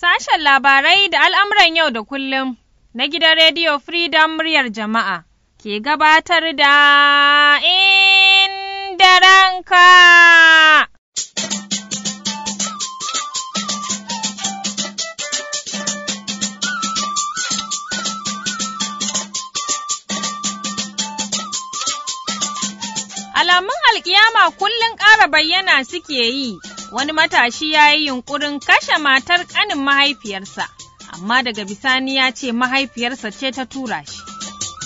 Sashen labarai da al'amuran yau da kullum na gidan Rediyo Freedom muryar jama'a ke gabatar da inda ranka. Alamun alƙiyama kullum ƙara bayyana suke yi. wani matashi ya yi yunkurin kashe matar ƙanin mahaifiyarsa, amma daga bisani ya ce mahaifiyarsa ce ta tura shi.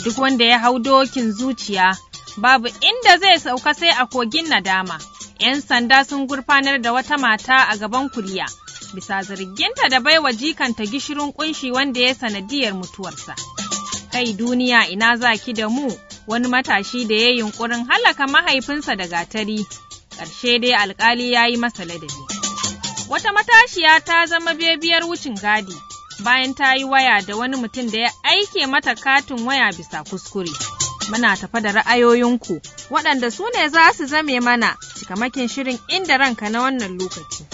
Duk wanda ya hau dokin zuciya, babu inda zai sauka sai a kogin nadama. 'Yan sanda sun gurfanar da wata mata a gaban kuliya, bisa zarginta da baiwa jikanta gishirin kunshi wanda ya sanadiyar mutuwarsa. Kai duniya ina zaki da mu, wani matashi da ya yunkurin halaka mahaifinsa da gatari ƙarshe dai alkali ya yi masa ladabi. Wata matashiya ta zama bebiyar wucin gadi bayan ta yi waya da wani mutum da ya aike mata katin waya bisa kuskure. Muna tafa da ra'ayoyinku waɗanda su ne za su zame mana cikamakin shirin inda ranka na wannan lokaci.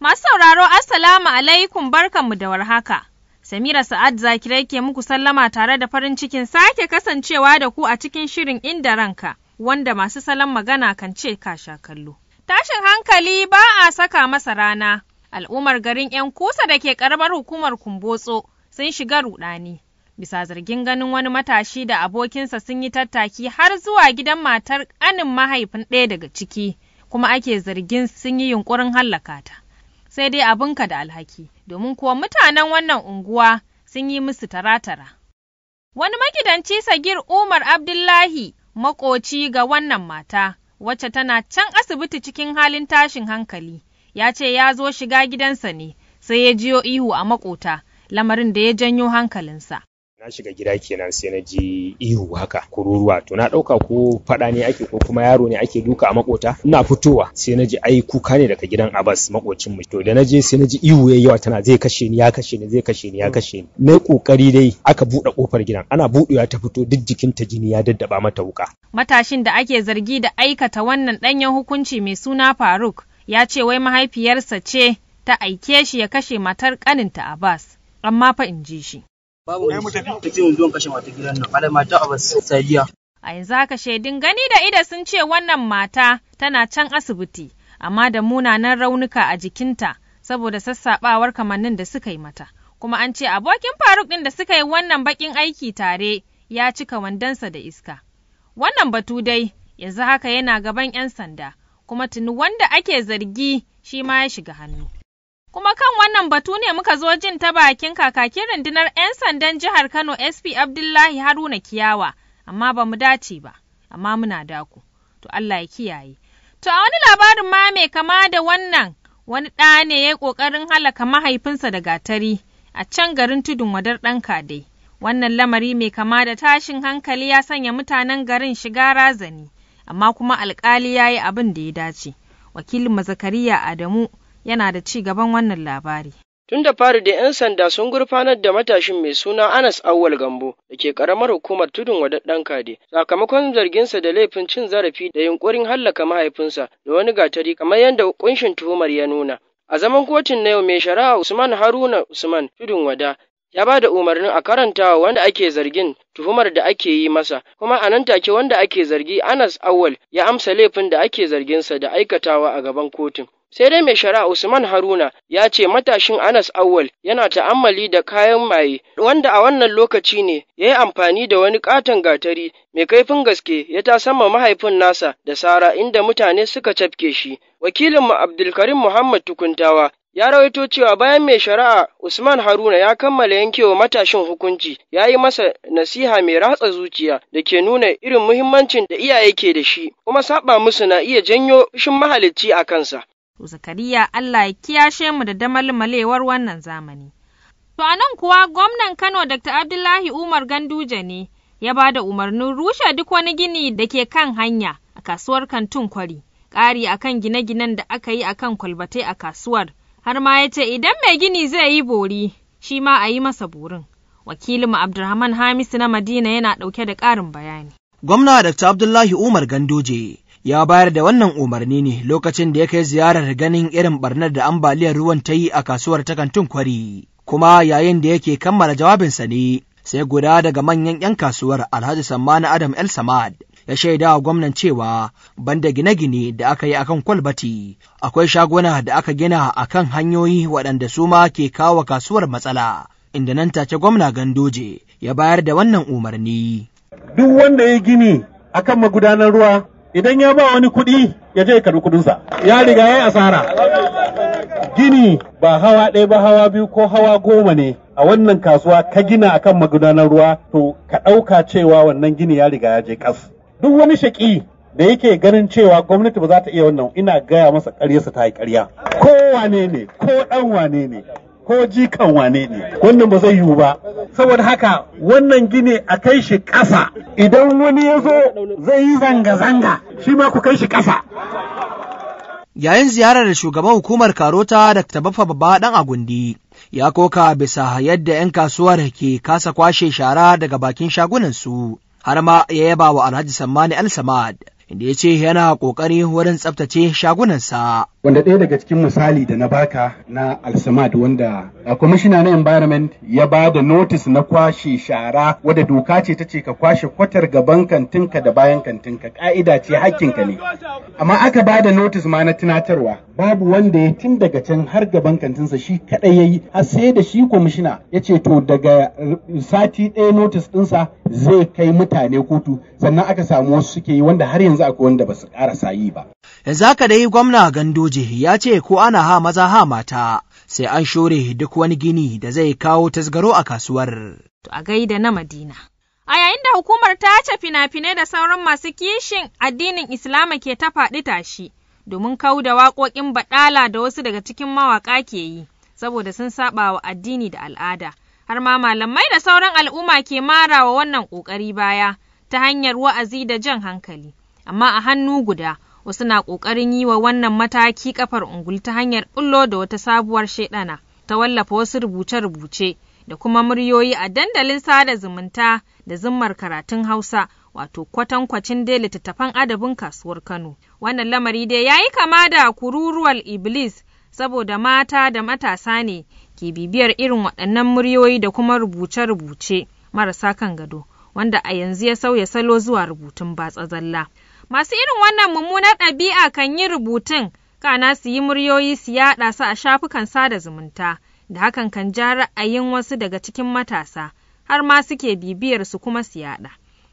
Masu sauraro Assalamu alaikum barkanmu da warhaka. Samira Sa'ad Zakirai ke muku sallama tare da farin cikin sake kasancewa da ku a cikin shirin inda ranka. wanda masu salon magana kan ce kasha kallo. Tashin hankali ba a saka masa rana, al'ummar garin 'yan kusa da ke karamar hukumar kumbotso sun shiga rudani. Bisa zargin ganin wani matashi da abokinsa sun yi tattaki har zuwa gidan matar ƙanin mahaifin ɗaya daga ciki, kuma ake zargin sun yi yunkurin hallaka ta. Sai dai abinka da alhaki, domin kuwa mutanen wannan unguwa sun yi musu taratara. Wani magidanci Sagir Umar Abdullahi maƙoci ga wannan mata, wacce tana can asibiti cikin halin tashin hankali, ya ce ya zo shiga gidansa ne, sai ya jiyo ihu a maƙota, lamarin da ya janyo hankalinsa. na shiga gida kenan sai na ji ihu haka kururuwa to na dauka ko fada ne ake ko kuma yaro ne ake duka a makota ina fitowa sai na ji ai kuka ne daga gidan Abbas makocin mu to da na je sai na ji ihu yayi yawa tana zai kashe ni ya kashe ni zai kashe ni ya mm. kashe ni na kokari dai aka bude kofar gidan ana budewa ta fito duk jikin ta jini ya daddaba mata wuka matashin da ake zargi da aikata wannan danyen hukunci mai suna Faruk ya ce wai mahaifiyarsa ce ta aike shi ya kashe matar kaninta Abbas amma fa in ji shi Babu ce kashe mata gidan nan, sadiya. A yanzu haka shaidun gani da ida sun ce wannan mata tana can asibiti, amma da munanan raunuka a jikinta saboda sassaɓawar kamannin da suka yi mata. Kuma an ce abokin Faruk ɗin da suka yi wannan baƙin aiki tare ya cika wandonsa da iska. Wannan batu dai yanzu haka yana gaban 'yan sanda, kuma tuni wanda ake zargi shi ma ya shiga hannu. Kuma kan wannan batu ne muka zo jin ta bakin kakakin rundunar 'yan sandan jihar Kano SP Abdullahi Haruna Kiyawa, amma ba mu dace ba, amma muna dako. To Allah ya kiyaye. To a wani labarin ma mai kama da wannan wani ɗa ne ya yi ƙoƙarin halaka mahaifinsa da gatari a can garin tudun wadar ɗan kadai. Wannan lamari mai kama da tashin hankali ya sanya mutanen garin shiga razani, amma kuma alƙali ya yi abin da ya dace. Wakilin Zakariya Adamu yana da ci gaban wannan labari. Tun da fari da 'yan sanda sun gurfanar da matashin mai suna Anas Awwal Gambo da ke karamar hukumar tudun ɗan kade sakamakon zarginsa da laifin cin zarafi da yunkurin hallaka mahaifinsa da wani gatari kamar yadda ƙunshin tuhumar ya nuna. A zaman kotun na yau mai shari'a Usman Haruna Usman tudun wada ya ba da umarnin a karantawa wanda ake zargin tuhumar da ake yi masa kuma a nan take wanda ake zargi Anas awal ya amsa laifin da ake zarginsa da aikatawa a gaban kotun sai dai mai shari'a Usman Haruna ya ce matashin Anas awal yana ta'ammali da kayan maye wanda a wannan lokaci ne ya yi amfani da wani katon gatari mai kaifin gaske ya ta sama mahaifin nasa da Sara inda mutane suka cafke shi wakilinmu Abdulkarim Muhammad Tukuntawa ya rawaito cewa bayan mai shari'a Usman Haruna ya kammala yankewa matashin hukunci ya yi masa nasiha mai ratsa zuciya da ke nuna irin muhimmancin da iyaye ke da shi kuma saba musu na iya janyo shin mahalicci a kansa. Zakariya Allah ya kiyashe mu da damalmalewar wannan zamani. To a nan kuwa gwamnan Kano Dr. Abdullahi Umar Ganduje ne ya ba da umarnin rushe duk wani gini da ke kan hanya a kasuwar Kantun kwari, ƙari akan gine-ginen da aka yi akan kwalbatai a kasuwar. har ma ya ce idan mai gini zai yi bori shi ma a yi masa borin. Wakilin Abdulrahman Hamisu na Madina yana ɗauke da ƙarin bayani. Gwamna Dr. Abdullahi Umar Gandoje ya bayar da wannan umarni ne lokacin da ya kai ziyarar ganin irin barnar da ambaliyar ruwan ta yi a kasuwar takantun kwari. Kuma yayin da yake kammala jawabinsa ne sai guda daga manyan 'yan kasuwar Alhaji Sammani Adam El Samad ya shaida wa gwamnan cewa banda gine-gine da aka yi akan kwalbati akwai shaguna da aka gina akan hanyoyi waɗanda su ma ke kawo kasuwar matsala inda nan take gwamna gandoje ya bayar da wannan umarni. Duk wanda ya gini akan magudanar ruwa idan ya ba wani kuɗi ya je karbi kuɗinsa ya riga ya asara. Gini ba hawa ɗaya ba hawa biyu ko hawa goma ne a wannan kasuwa ka gina akan magudanar ruwa to ka ɗauka cewa wannan gini ya riga ya je ƙas. duk wani shaƙi da yake ganin cewa gwamnati ba za ta iya wannan ina gaya masa ƙaryarsa ta yi ƙarya ko wane ne ko ɗan wane ne ko jikan wane ne wannan ba zai yiwu ba saboda haka wannan gini a kai shi ƙasa idan wani ya zo zai yi zanga-zanga shi ma ku kai shi ƙasa yayin ziyarar da shugaban hukumar karota da tabafa babba dan agundi ya koka bisa yadda 'yan kasuwar ke kasa kwashe shara daga bakin shagunansu har ma ya yaba wa Alhaji Sammani Al-Samad inda ya ce yana kokari wurin tsaftace shagunansa. Wanda ɗaya daga cikin misali da na baka na Al-Samad wanda a kwamishina na environment ya ba da notis na kwashe shara wadda doka ce ta ce ka kwashe kwatar gaban kantinka da bayan kantinka ka'ida ce hakkinka ne. Amma aka ba da notis ma na tunatarwa babu wanda ya tun daga can har gaban kantinsa shi kaɗai ya yi har sai da shi kwamishina ya ce to daga eh, sati ɗaya notis ɗinsa zai kai mutane kotu sannan aka samu wasu suke yi wanda har yanzu akwai wanda ba su ƙara yi ba. Yanzu haka dai gwamna Gandoje ya ce ko ana ha maza ha mata sai an shore duk wani gini da zai kawo tasgaro a kasuwar. To a gaida na Madina. A yayin da hukumar ta ce fina-finai da sauran masu kishin addinin Islama ke ta faɗi tashi domin kau da waƙoƙin baɗala da wasu daga cikin mawaƙa ke yi saboda sun saɓa wa addini da al'ada. har ma malamai da sauran al'umma ke marawa wannan ƙoƙari baya ta hanyar wa'azi da jan hankali. Amma a hannu guda, wasu na ƙoƙarin yi wa wannan mataki ƙafar ungul ta hanyar ɓullo da wata sabuwar shaidana ta wallafa wasu rubuce-rubuce da kuma muryoyi a dandalin sada zumunta da zimmar karatun Hausa wato kwatankwacin dai littattafan adabin kasuwar Kano. Wannan lamari dai ya yi kama da kururuwal Iblis saboda mata da matasa ne ke bibiyar irin waɗannan muryoyi da kuma rubuce-rubuce marasa kan gado wanda a yanzu ya sauya salo zuwa rubutun batsa zalla. Masu irin wannan mummunar ɗabi'a kan yi rubutun kana su yi muryoyi su yaɗa su a shafukan sada zumunta da hakan kan ja ra'ayin wasu daga cikin matasa har ma suke bibiyar su kuma su yaɗa.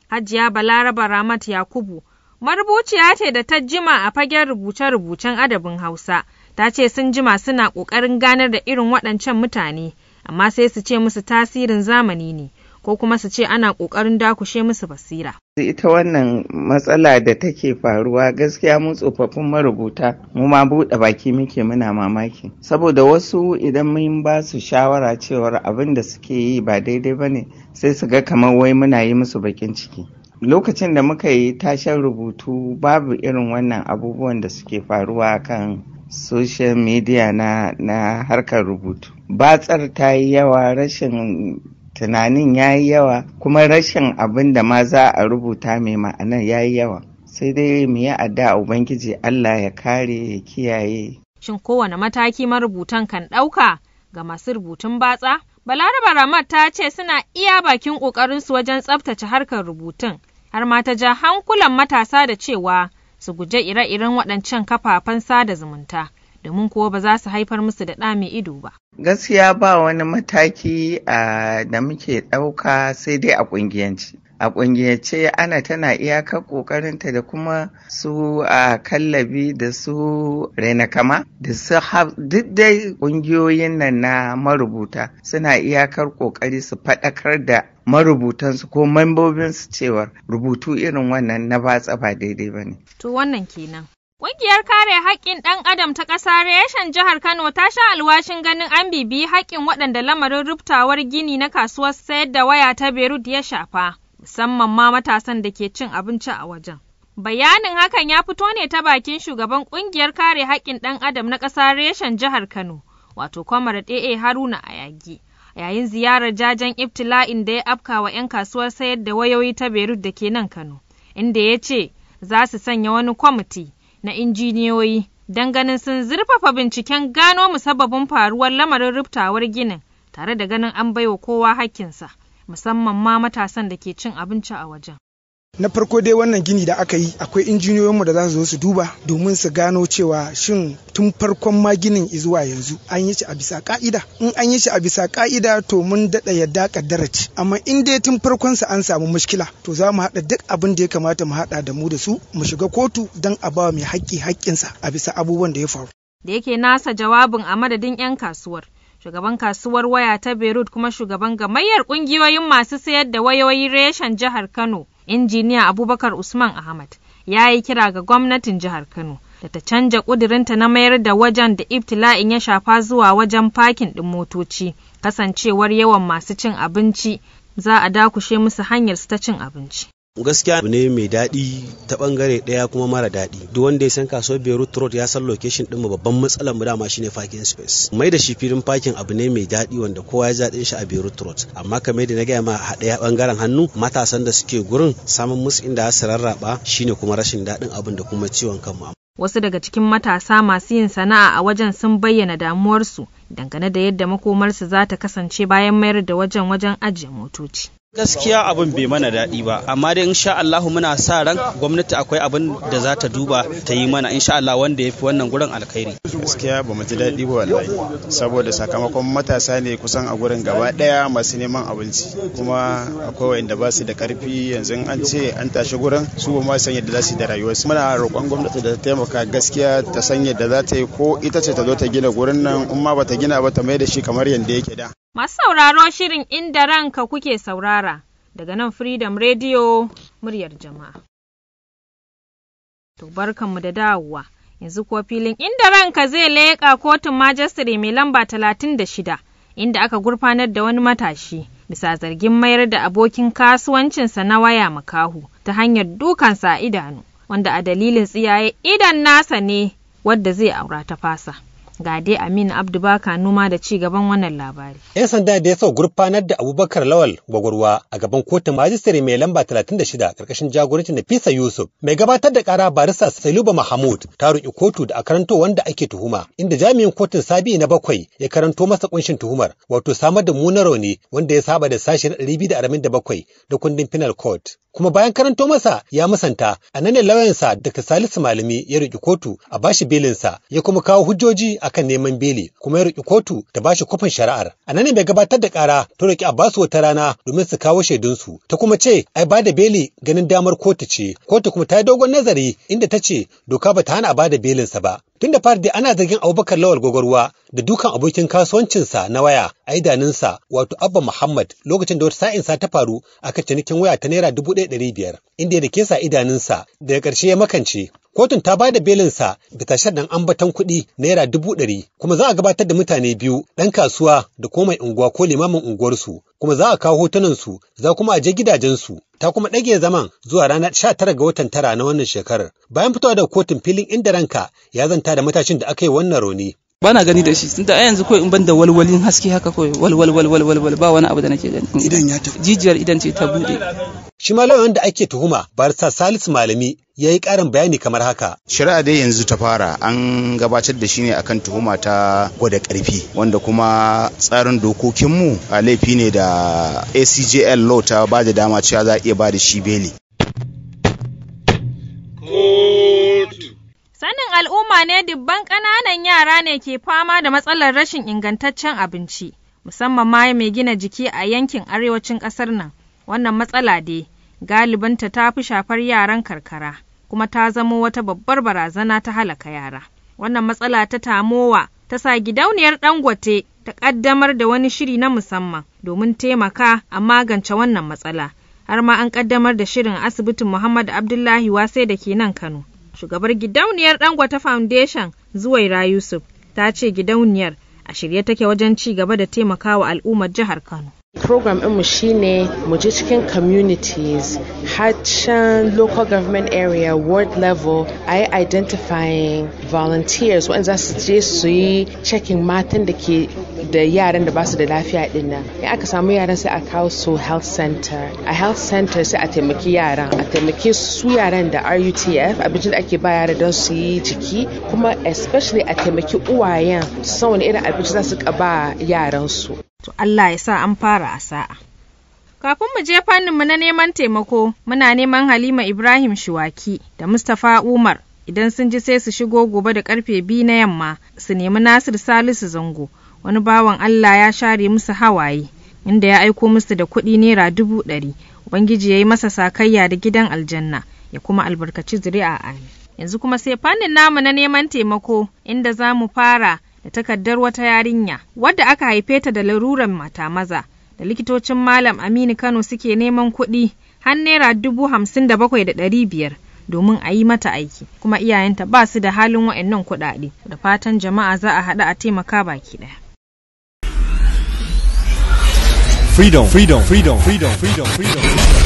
Hajiya Balaraba Ramat Yakubu marubuciya ce da ta jima a fagen rubuce-rubucen adabin Hausa. ta ce sun jima suna ƙoƙarin ganar da irin waɗancan mutane amma sai su ce musu tasirin zamani ne ko kuma su ce ana ƙoƙarin dakushe musu basira. Ita wannan matsala da take faruwa gaskiya mu tsofaffin marubuta mu ma buɗe baki muke muna mamaki. Saboda wasu idan mun ba su shawara cewar abin da suke yi ba daidai ba ne sai su ga kamar wai muna yi musu bakin ciki. Lokacin da muka yi tashar rubutu babu irin wannan abubuwan da suke faruwa kan social media na, na harkar rubutu batsar ta yi yawa rashin tunanin ya yi yawa kuma rashin abin da ma za a rubuta mai ma'ana ya yi yawa sai dai mu yi adda ubangiji allah ya kare ya kiyaye shin kowane mataki marubutan kan ɗauka ga masu rubutun batsa balaraba ramat ta ce suna iya bakin ƙoƙarinsu wajen tsaftace harkar rubutun har ma ta ja hankulan matasa da cewa su guje ire-iren waɗancan kafafen sada zumunta domin kuwa ba za su haifar musu da ɗa mai ido ba. Gaskiya ba wani mataki ah, da muke ɗauka sai dai a ƙungiyanci. a ce, ana tana iyakar ƙoƙarinta da kuma su a kallabi da su kama da su duk dai ƙungiyoyin nan na marubuta suna iyakar ƙoƙari su faɗakar da marubutansu ko membobinsu cewar rubutu irin wannan na batsa ba daidai ba ne. To wannan kenan. Ƙungiyar kare haƙƙin ɗan adam ta ƙasa reshen jihar Kano ta sha alwashin ganin an bibiyi haƙƙin waɗanda lamarin rubtawar gini na kasuwar sayar da waya ta Beirut ya shafa. musamman ma matasan da ke cin abinci a wajen. Bayanin hakan ya fito ne ta bakin shugaban kungiyar kare haƙƙin ɗan adam na ƙasar reshen jihar Kano, wato Kwamar AA Haruna a yagi. Yayin ziyarar jajen ibtila'in da ya afka wa 'yan kasuwar sayar da wayoyi ta Beirut da ke nan Kano, inda ya ce za su sanya wani kwamiti na injiniyoyi don ganin sun zurfafa binciken gano musabbabin faruwar lamarin ruftawar ginin tare da ganin an baiwa kowa haƙƙinsa. musamman ma matasan da ke cin abinci a wajen. na farko dai wannan gini da aka yi akwai injiniyoyinmu da za su zo su duba domin su gano cewa shin tun farkon ma ginin zuwa yanzu an yi shi a bisa ka'ida in an yi shi a bisa ka'ida to mun daɗa yadda kaddara ce amma in dai tun farkonsa an samu mushkila to za mu haɗa duk abin da ya kamata mu haɗa da mu da su mu shiga kotu don a bawa mai haƙƙi haƙƙinsa a bisa abubuwan da ya faru da yake nasa jawabin a madadin 'yan kasuwar shugaban kasuwar waya ta Beirut kuma shugaban gamayyar kungiyoyin masu sayar da wayoyin reshen jihar Kano, injiniya Abubakar Usman Ahmad, ya yi kira ga gwamnatin jihar Kano da ta canja ƙudurinta na mayar da wajen da ibtila'in ya shafa zuwa wajen fakin ɗin motoci, kasancewar yawan masu cin abinci za a dakushe musu hanyar su ta cin abinci. gaskiya abu ne mai daɗi ta bangare ɗaya kuma mara daɗi duk wanda ya san kasuwar beirut road ya san location ɗin babban matsalar mu dama shine parking space mai da shi filin parking abu ne mai daɗi wanda kowa ya zaɗin shi a beirut road amma kamar da na gaya ma a ɗaya bangaren hannu matasan da suke gurin samun musu inda su rarraba shine kuma rashin daɗin abin da kuma ciwon kanmu wasu daga cikin matasa masu yin sana'a a wajen sun bayyana damuwarsu dangane da yadda makomarsu za ta kasance bayan mayar da wajen wajen ajiye motoci gaskiya abin bai mana daɗi ba amma dai insha Allah muna sa ran gwamnati akwai abin da za ta duba ta yi mana insha Allah wanda ya fi wannan gurin alkhairi gaskiya ba mu ji daɗi ba wallahi saboda sakamakon matasa ne kusan a gurin gaba ɗaya masu neman abinci kuma akwai wanda ba su da karfi yanzu an ce an tashi gurin su ba ma san yadda za su da rayuwarsu muna roƙon gwamnati da ta taimaka gaskiya ta san yadda za ta yi ko ita ce ta zo ta gina gurin nan in ma ba ta gina ba ta mai da shi kamar yadda yake da Masu sauraro shirin inda ranka kuke saurara daga nan Freedom Radio muryar jama'a. To barkanmu da dawowa, yanzu kuwa filin inda ranka zai leƙa kotun majistare mai lamba talatin da shida, inda aka gurfanar da wani matashi bisa zargin mayar da abokin kasuwancinsa na waya makahu ta hanyar dukansa a idanu, wanda a dalilin tsiyaye idan nasa ne wadda zai aura ta fasa. ga dai aminu abdu baka numa da ci gaban wannan labari yan sanda da ya sau gurfanar da abubakar lawal gwagwarwa a gaban kotun majistare mai lamba 36 karkashin jagorancin nafisa yusuf mai gabatar da kara barista saluba mahmud ta roƙi kotu da a karanto wanda ake tuhuma inda jami'in kotun sabi na bakwai ya karanto masa kunshin tuhumar wato samar da munar rauni wanda ya saba da sashi na 247 da kundin penal court. kuma bayan karanto masa ya musanta a nan ne lauyansa daga Salisu Malami ya riki kotu a bashi belinsa ya kuma kawo hujjoji akan neman beli kuma ya riƙe kotu ta bashi kofin shari'ar a nan ne mai gabatar da ƙara ta roƙi Abbasu wata rana domin su kawo shaidunsu ta kuma ce ai bada beli ganin damar kotu ce kotu kuma ta yi dogon nazari inda ta ce doka ba ta hana a ba belinsa ba tun da fari ana zargin Abubakar Lawal Gwagwarwa da dukan abokin kasuwancinsa na waya a idanunsa wato Abba Muhammad lokacin da wata sa'insa ta faru a kan cinikin waya ta naira dubu ɗaya ɗari biyar inda da sa idanunsa daga ƙarshe ya makance. Kotun ta ba da belinsa tashar sharɗin ambaton kuɗi naira dubu ɗari kuma za a gabatar da mutane biyu ɗan kasuwa da ko mai unguwa ko limamin unguwarsu kuma za a kawo hotunansu za kuma a je gidajensu ta kuma ɗage zaman zuwa ranar sha tara ga watan tara na wannan shekarar bayan fitowa daga kotun filin inda ranka ya zanta da matashin da aka yi wannan rauni bana gani da shi tunda a yanzu kawai in ban da walwalin haske haka kawai walwal walwal walwal ba wani abu da nake gani idan ya tafi jijiyar idan ce ta bude shi malamin da ake tuhuma barsa Salisu malami ya yi ƙarin bayani kamar haka. Shari'a dai yanzu ta fara an gabatar da shi ne akan tuhuma ta gwada ƙarfi wanda kuma tsarin dokokinmu a laifi ne da ACJL law ta ba da dama cewa za a iya ba da shi beli. Sanin al'umma ne dubban ƙananan yara ne ke fama da matsalar rashin ingantaccen abinci, musamman ma mai gina jiki a yankin arewacin ƙasar nan. Wannan matsala dai galibinta ta fi shafar yaran karkara, kuma ta zamo wata babbar barazana ta halaka yara. Wannan matsala ta tamowa ta sa gidauniyar Dangote ta ƙaddamar da wani shiri na musamman domin taimaka a magance wannan matsala. har ma an ƙaddamar da shirin asibitin Muhammadu Abdullahi Wase da ke nan Kano. shugabar gidauniyar Dangote Foundation Zuwaira Yusuf ta ce gidauniyar a shirye take wajen ci gaba da taimakawa al'ummar jihar Kano. program mu shine mu je cikin communities har can local government area ward level a yi identifying volunteers wanda za su je su yi checking matan da ke da yaran da ba su da lafiya din nan in aka samu yaran sai a kawo su health center a health center sai a taimaki yaran a taimaki su yaran da rutf abincin da ake ba yara don su yi jiki kuma especially a taimaki uwayen su san wani irin abinci za su ba yaran su to Allah ya sa an fara a sa'a Kafin mu je mu na neman taimako, muna neman Halima Ibrahim Shiwaki da Mustapha Umar idan sun ji sai su shigo gobe da karfe biyu na yamma su nemi Nasir Salisu Zango wani bawan Allah ya share musu hawaye inda ya aiko musu da kuɗi naira dubu ɗari ubangiji ya yi masa sakayya da gidan aljanna ya kuma albarkaci zuri'a amin yanzu kuma sai fannin namu na neman taimako inda za mu fara da takardar wata yarinya wadda aka haife ta da laruran mata maza da likitocin malam aminu kano suke neman kuɗi har naira dubu hamsin da bakwai da ɗari biyar domin a yi mata aiki kuma iyayenta ba su da halin wa'annan kuɗaɗe da fatan jama'a za a haɗu a taimaka baki ɗaya 非常非常非常非常非常非常。